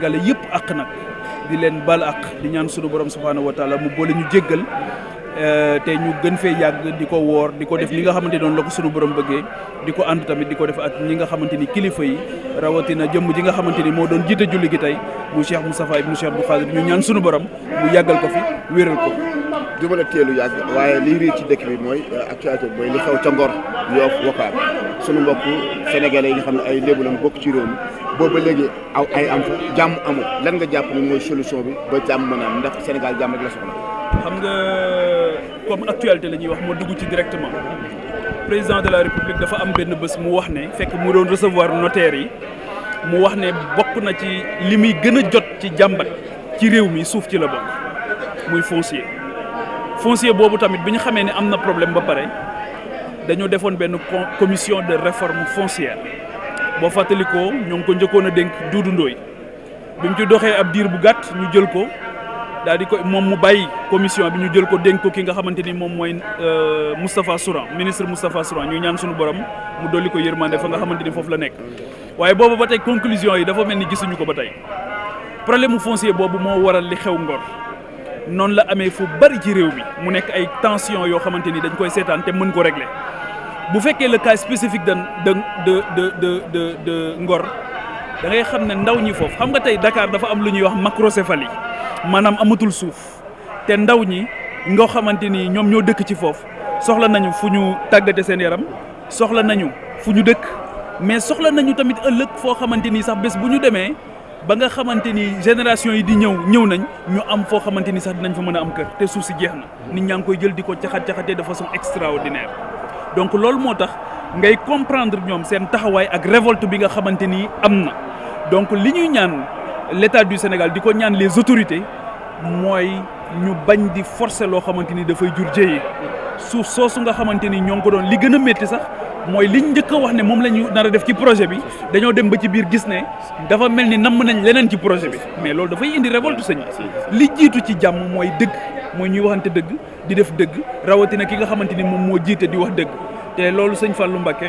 sénégalais yëpp ak nag di leen bal ak di ñaan sunu borom subhaanahu wa taala mu boole ñu jéggal eh, te ñu gën fee yàgg di ko woor di ko def ni nga xamante doon la ko sunu borom bëggee di ko ànd tamit di ko def ak ñi nga xamante ni kilifa yi rawatina jëmm ji nga xamante ni moo doon jiite julli gi tey mu Cheikh Moustapha ibnu Cheikh Abdou Khadir ñu ñaan sunu borom mu yàggal ko fi wéral ko jubale teelu yàgg waaye lii réer ci dëkk bi mooy eh, actualité bi mooy li xew ca Ngor Yoff Wakaam sunu mbokk sénégalais yi xam ne ay lébu lañ ci réew mi boobu ba léegi aw ay am fa jàmm amul lan nga jàpp ni mooy solution bi ba jàmm mën am ndax Sénégal jàmm rek la soxla. xam nga comme actualité la ñuy wax moo dugg ci directement président de la république dafa am benn bés mu wax ne fekk mu doon recevoir notaire yi mu wax ne bokk na ci li muy gën a jot ci jàmbat ci réew mi suuf ci la bokk muy foncier foncier boobu tamit bi ñu xamee ne am na problème ba pare dañoo defoon benn commission de réforme foncière. boo fàttalikoo ñoo ngi ko njëkkoon a dénk Doudou Ndoye bi mu ci doxee ab diir bu gàtt ñu jël ko daal di ko moom mu bàyyi commission bi ñu jël ko dénk ko ki nga xamante ni moom mooy euh, Moustapha Souran ministre Moustapha Souran ñu ñaan suñu borom mu dolli ko yërmande fa nga xamante ni foofu la nekk waaye boobu ba tey conclusion yi dafa mel ni gisuñu ko ba tey problème mu foncier boobu moo waral li xew Ngor noonu la amee fu bari ci réew mi mu nekk ay tension yoo xamante ni dañ koy seetaan te mën ko régler bu fekkee le cas spécifique de de de de de de Ngor dangay xam ne ndaw ñi foofu xam nga tey Dakar dafa am lu ñuy wax macrocéphalie maanaam amatul suuf te ndaw ñi nga xamante ni ñoom ñoo dëkk ci foofu soxla nañu fu ñu tàggate seen yaram soxla nañu fu ñu dëkk mais soxla nañu tamit ëllëg foo xamante ni sax bés bu ñu demee ba nga xamante nii génération yi di ñëw ñëw nañ ñu am foo xamante ni sax dinañ fa mën a am kër te suuf si jeex na nit ñaa ngi koy jël di ko caxat caxatee de façon extraordinaire. donc loolu moo tax ngay comprendre ñoom seen taxawaay ak révolte bi nga xamante ni am na donc li ñuy ñaan l'état du Sénégal di ko ñaan les autorités mooy ñu bañ di forcer loo xamante ni dafay jur jéyee suuf soosu nga xamante ni ñoo ngi ko doon li gën a métti sax mooy liñ njëkk a wax ne moom la ñu nar a def ci projet bi dañoo dem ba ci biir gis ne dafa mel ni namm nañ leneen ci projet bi mais loolu dafay indi révolte sañ li jiitu ci jàmm mooy dëgg mooy ñuy waxante dëgg di def dëgg rawatina ki nga xamante ni moom moo jiite di wax dëgg te loolu sëñ Fallou Mbacké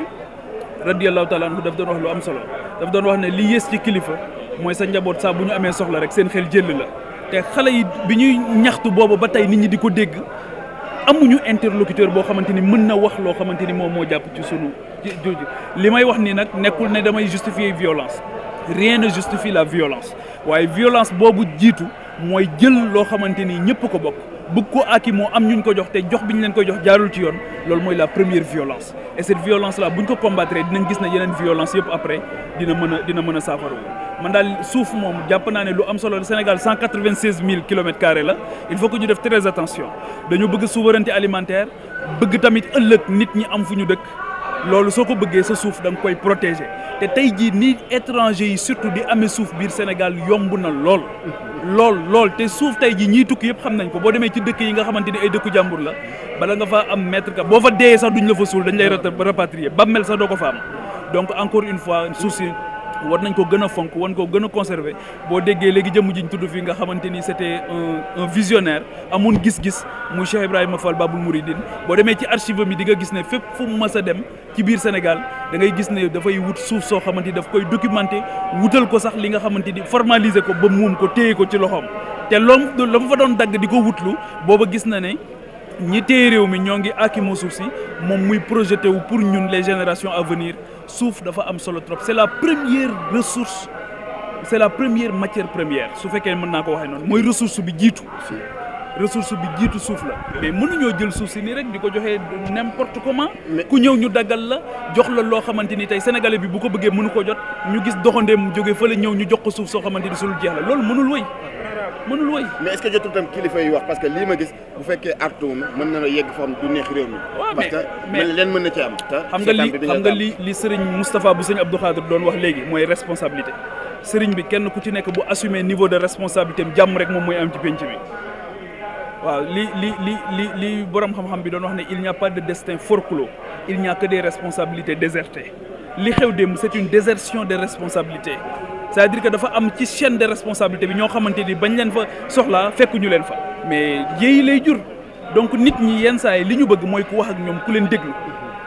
radiyallahu taala anhu daf doon wax lu am solo daf doon wax ne li yées ci kilifa mooy sa njaboot saa bu ñu amee soxla rek seen xel jël la te xale yi bi ñuy ñaxtu boobu ba tey nit ñi di ko dégg amuñu interlocuteur boo xamante ni mën na wax loo xamante ni moom moo jàpp ci sunu li may wax ni nag nekkul ne damay justifier violence rien ne la violence waaye violence boobu jiitu mooy jël loo xamante ni ñëpp ko bokk bëgg ko aki moo am ñuñ ko jox te jox bi ñu leen koy jox jaarul ci yoon loolu mooy la première violence et cette violence là bu ñu ko combattre dinañ gis ne yeneen violence yëpp après dina mën a dina mën a saafara man daal suuf moom jàpp naa ne lu am solo Sénégal cent quatre-vingt-seize mille kilomètres carrés la il faut que ñu def très attention dañu bëgg souveraineté alimentaire bëgg tamit ëllëg nit ñi am fu ñu dëkk loolu soo ko bëggee sa suuf da koy protéger te tey jii ni étranger yi surtout di amee suuf biir Sénégal yomb na lool. lool lool te suuf tey jii ñuy tukki yëpp xam nañ ko boo demee ci dëkk yi nga xamante ni ay dëkku jàmbur la bala nga fa am mètre ka boo fa deeyee sax duñu la fa suul dañ lay rapatrier ba mel sax doo ko fa am donc encore une fois suuf si war nañ ko gën a fonk war ko gën a conserver boo déggee léegi jëmm jiñ tudd fii nga xamante ni c'était un un visionnaire amoon gis-gis muy Cheikh Ibrahima Fall Babul Mouridine boo demee ci archive mi di nga gis ne fépp fu mu mës a dem ci biir Sénégal da ngay gis ne dafay wut suuf soo xamante ni daf koy documenter wutal ko sax li nga xamante ni formaliser ko ba muum ko téye ko ci loxoom te loom la mu fa doon dagg di ko wutlu booba gis na ne ñi téye réew mi ñoo ngi akimoo suuf moom muy projeté pour ñun les générations venir suuf dafa am solo trop c'est la première ressource c'est la première matière première su fekkee mën naa ko waxee noonu mooy ressource bi jiitu ressource bi jiitu suuf la mais mënuñoo jël suuf si nii rek di ko joxee n'importe comment ku ñëw ñu daggal la jox la loo xamante ni tey sénégalais bi bu ko bëggee mënu ko jot ñu gis doxandeem jóge fële ñëw ñu jox ko suuf soo xamante ni sulul jeex la loolu mënul wëy mënul woy mais est-ce jotul tam kilifa yi wax parce que lii ma gis bu fekkee artuwul mën na la yegg fam du neex réew mi. waaw mais mais leen mën na ci am. xam nga li xam nga li li sëriñ Moustapha bu sëriñ Abdou Khadir doon wax léegi mooy responsabilité sëriñ bi kenn ku ci nekk bu assumer niveau de responsabilité am jàmm rek moom mooy am ci penc bi. waaw li li li li li borom xam-xam bi doon wax ne il n'y pas de destin forclos il n'y a que des responsabilités li xew démb c'est une désertion des responsabilités. c'est-à-dire que dafa am ci chaîne de responsabilité bi ñoo xamante ni bañ leen fa soxlaa fekk ñu leen fa mais yéeyi lay jur donc nit ñi yenn saa yi li ñu bëgg mooy ku wax ak ñoom ku leen dëgg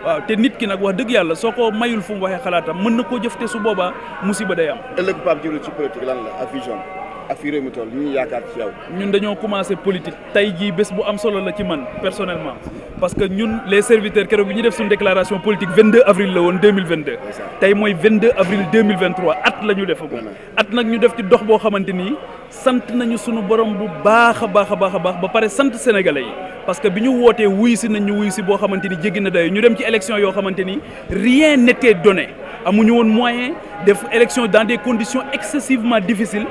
waaw te nit ki nag wax dëgg yàlla soo ko mayul fu mu waxee xalaatam mën na koo jëfte su boobaa musiba day am. ëllëg Pape Djibril ci politique lan la ak ak fi réew mi toll ñu yaakaar ci yow. ñun dañoo commencé politique tey jii bés bu am solo la ci man personnellement parce que ñun les serviteurs keroog bi ñu def suñu déclaration politique 22 avril la woon 2022. tey mooy 22 avril 2023 at la ñu def ko at nag ñu def ci dox boo xamante ni sant nañu suñu borom bu baax a baax a baax a baax ba pare sant sénégalais yi. parce que bi ñu wootee wuy si nañ ñu wuy si boo xamante ni jéggi na dayo ñu dem ci élection yoo xamante ni rien n'était donné amuñu woon moyen def élection dans des conditions excessivement difficiles.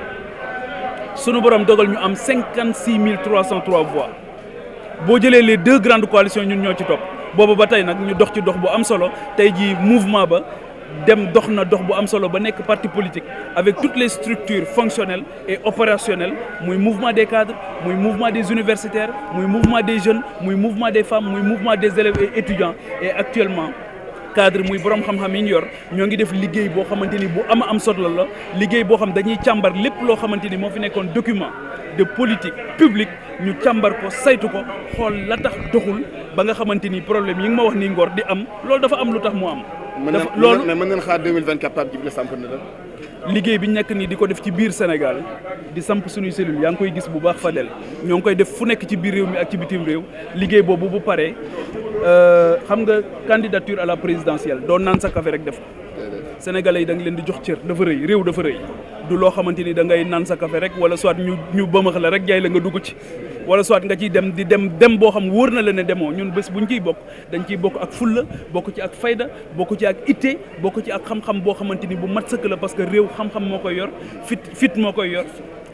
sunu borom dogal ñu am cinquante six mille trois cent trois voix boo jëlee les deux grandes coalitions ñun ñoo ci topp boobu ba tey nag ñu dox ci dox bu am solo tey jii mouvement ba dem dox na dox bu am solo ba nekk parti politique avec toutes les structures fonctionnelles et opérationnelles muy mouvement des cadres muy mouvement des universitaires muy mouvement des jeunes muy mouvement des femmes muy mouvement des élèves et étudiants et actuellement cadre muy boroom xam-xam yi ñu yor ñoo ngi def liggéey boo xamante ni bu ama am solo la liggéey boo xam dañuy càmbar lépp loo xamante ni moo fi nekkoon document de politique publique ñu càmbar ko saytu ko xool la tax doxul ba nga xamante ni problème yi nga ma wax nii Ngor di am loolu dafa am lu tax mu am. dafa loolu mën nañ xaar 2024 Pape Djibril samp na la. liggéey bi ñu nekk nii di ko def ci biir Sénégal di samp suñuy cellules yaa ngi koy gis bu baax fa Fadel ñoo ngi koy def fu nekk ci biir réew mi ak ci bitim réew liggéey boobu bu paree. Euh, xam nga candidature à la présidentielle doo naan sa café rek def ko yi danga leen di jox cër dafa rëy réew dafa rëy du loo xamante ni da naan sa café rek wala soit ñu ñu bëmax la rek jaay la nga dugg ci wala soit nga ciy dem di dem dem boo xam wóor na la ne demoo ñun bés buñ ciy bokk dañ ciy bokk ak fulla bokk ci ak fayda bokk ci ak itte bokk ci ak xam-xam boo xamante ni bu mat sëkk la parce que réew xam-xam moo koy yor fit fit moo koy yor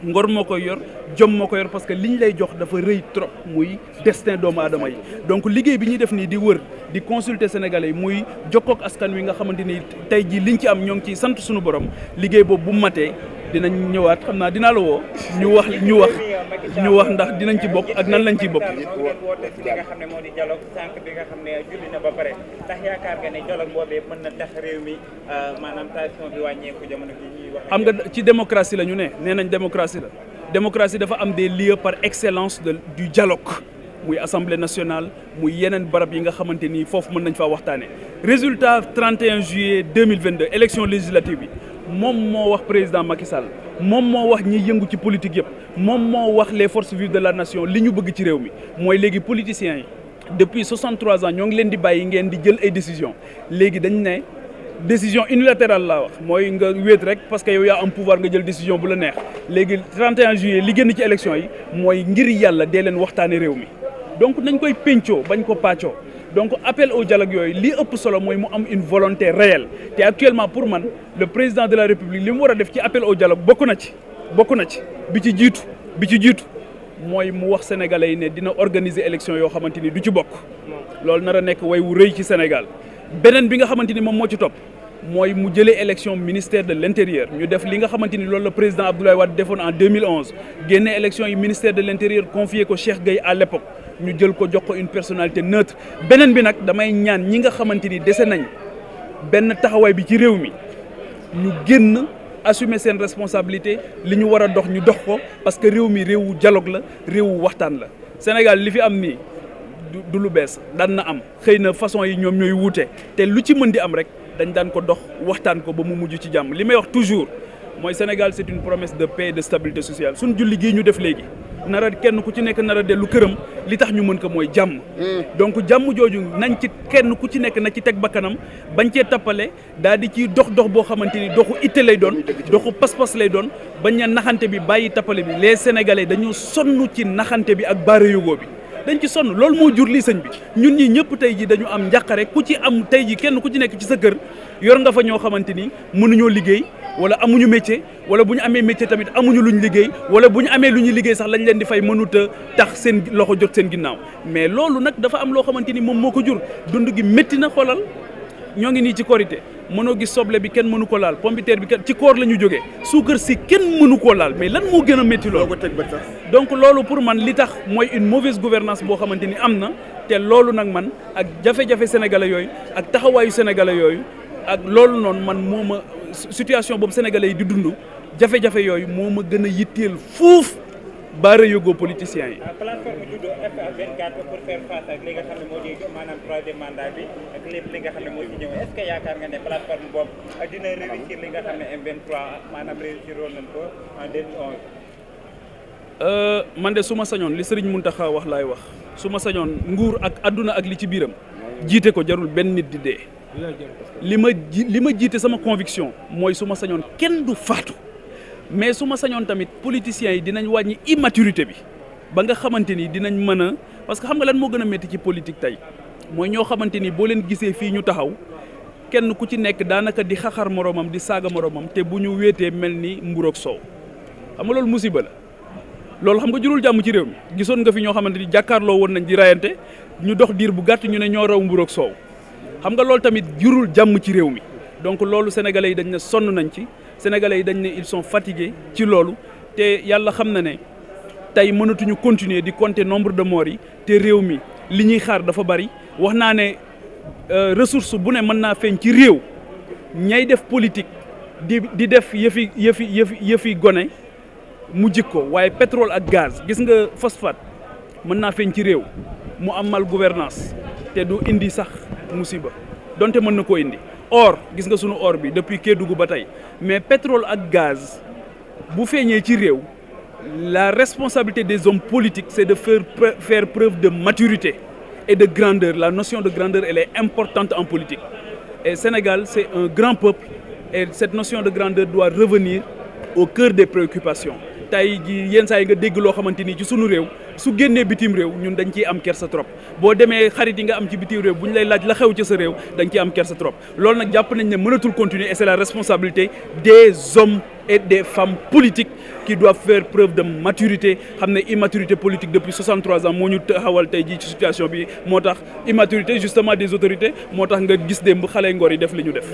ngor moo koy yor jom moo koy yor parce que liñ lay jox dafa rëy trop muy destin doomu adama yi donc liggéey bi ñuy def nii di wër di consulter sénégalais yi muy jokkook askan wi nga xamante ni tey jii liñ ci am ñoo ngi ciy sant suñu borom liggéey boobu bu matee dinañ ñëwaat xam naa dinaa la woo ñu wax ñu wax ñu wax ndax dinañ ci bokk ak nan lañ ci bokk. yaakaar nga ne dialogue boobee mën na tax réew mi euh, maanaam bi wàññeeku jamono bi am nga ci démocratie la ñu ne nee nañ démocratie la démocratie dafa am de lieux par excellence de du dialogue muy assemblée nationale mu yeneen barab yi nga xamante ni foofu mën nañu faa waxtaane résultat 31 juillet 2022 élection législative bi moom moo wax président Macky Sall moom moo wax ñi yëngu ci politique yëpp moom moo wax les forces vives de la nation li ñu bëgg ci réew mi mooy léegi politiciens yi depuis 63 ans ñoo ngi leen di bàyyi ngeen di jël ay décisions léegi dañ ne. décision unilatérale laa wax mooy nga wéet rek parce que yow yaa am pouvoir nga jël décision bu la neex léegi 31 juillet li génn ci élection yi mooy ngir yàlla dee leen waxtaane réew mi donc nañ koy péncoo bañ ko pàccoo donc appel au dialogue yooyu li ëpp solo mooy mu am une volonté réelle te actuellement pour man le président de la république li mu war a def ci appel au dialogue bokk na ci bokk na ci bi ci jiitu bi ci jiitu mooy mu wax sénégalais yi ne dina organiser élection yoo xamante ni du ci bokk loolu nar a nekk way wu rëy ci Sénégal beneen bi nga xamante ni moom moo ci topp mooy mu jëlee élection ministère de l' intérieur ñu def li nga xamante ni loolu la président Abdoulaye Wade defoon en 2011 génne élection yi ministère de l' intérieur ko Cheikh Gueye à l' ñu jël ko jox ko une personnalité neutre beneen bi nag damay ñaan ñi nga xamante ni dese nañ benn taxawaay bi ci réew mi ñu génn assumer seen responsabilité li ñu war a dox ñu dox ko parce que réew mi réewu jaloog la réew wu waxtaan la Sénégal li fi am nii du lu bees daan na am xëy na façon yi ñoom ñooy wuute te lu ci mën di am rek. dañ daan ko dox waxtaan ko ba mu mujj ci jàmm li may wax toujours mooy Sénégal c'est une promesse de paix et de stabilité sociale suñ julli gii ñu def léegi nara kenn ku ci nekk nara dellu këram li tax ñu mën ko mooy jàmm hmm. donc jàmm jooju nañ ci kenn ku ci nekk na ci teg bakkanam bañ cee tappale daal di ciy dox dox boo xamante ni doxu itte lay doon doxu pas-pas lay doon bañ a naxante bi bàyyi tappale bi les sénégalais dañoo sonn ci naxante bi ak baara yógoo bi dañ ci sonn loolu moo jur lii sañ bi ñun ñi ñëpp tey ji dañu am njàqare ku ci am tey ji kenn ku ci nekk ci sa kër yor nga fa ñoo xamante ni mënuñoo liggéey wala amuñu métier wala bu ñu amee métier tamit amuñu lu ñu liggéey wala bu ñu amee lu ñu liggéey sax lañ leen di fay mënut a tax seen loxo jot seen ginnaaw mais loolu nag dafa am loo xamante ni moom moo ko jur dundu gi métti na xoolal ñoo ngi nii ci korité mënoo gis soble bi kenn mënu ko laal pompiteer bi kenn ci koor la ñu jógee suukar si kenn mënu ko laal mais lan moo gën a métti loolu donc loolu pour man li tax mooy une mauvaise gouvernance boo xamante ni am na te loolu nag man ak jafe-jafe sénégalais yooyu ak taxawaayu sénégalais yooyu ak loolu noonu man moo ma situation boobu sénégalais yi di dund jafe-jafe yooyu moom a gën a yitteel fuuf baara yóggoo politiciens yi. plateforme judo ak li nga xam ne moo maanaam troisième mandat bi ak nga xam ne moo ci ñëw yaakaar nga ne plateforme dina réussir li nga xam ne M23 maanaam réussir woon ko euh, man de su ma sañoon li sëriñ Serigne Mountakha wax laay wax su ma sañoon nguur ak àdduna ak li ci biiram jiite ko jarul benn nit di dee. li ma ji li ma jiite sama conviction mooy su ma sañoon kenn du faatu. mais su ma sañoon tamit politiciens yi dinañ wàññi immaturité bi ba nga xamante ni dinañ mën a parce que xam nga lan moo gën a métti ci politique tey mooy ñoo xamante ni boo leen gisee fii ñu taxaw kenn ku ci nekk daanaka di xaxar moromam di saaga moromam te bu ñu wéetee mel ni mburoog soow xam nga loolu musiba la loolu xam nga jurul jàmm ci réew mi gisoon nga fi ñoo xamante ni jàkkaarloo woon nañ di rayante ñu dox diir bu gàtt ñu ne ñoo raw mburoog xam nga loolu tamit jurul jàmm ci réew mi donc loolu sénégalais yi dañ ne sonn nañ ci. sénégalais yi dañ ne ils sont fatigués ci loolu te yàlla xam na ne tey mënatuñu continuer di conté nombre de morts yi te réew mi li ñuy xaar dafa bari wax naa ne euh, ressource bu ne mën naa feeñ ci réew ñay def politique di di def yëfi yëfi yëfi yëfi gone mu ko waaye pétrole ak gaz gis nga phosphate mën naa feeñ ci réew mu am mal gouvernance te du indi sax musiba donte mën na koo indi or gis nga sunu or bi depuis Kédougou ba tey mais pétrole ak gaz bu feeñee ci réew la responsabilité des hommes politiques c'est de faire faire preuve de maturité et de grandeur la notion de grandeur elle est importante en politique et Sénégal c'est un grand peuple et cette notion de grandeur doit revenir au cœur des préoccupations tey jii yenn saa yi nga dégg loo xamante ni ci sunu réew su génnee bitim réew ñun dañ ciy am kersa trop boo demee xarit yi nga am ci bitim réew bu ñu lay laaj la xew ci sa réew dañ ciy am kersa trop loolu nag jàpp nañ ne mënatul continuer et c'est la responsabilité des hommes et des femmes politiques qui doivent faire preuve de maturité xam ne immaturité politique depuis 63 ans moo ñu taxawal tey jii ci situation bi moo tax immaturité justement des autorités moo tax nga gis démb xale ngor yi def li ñu def.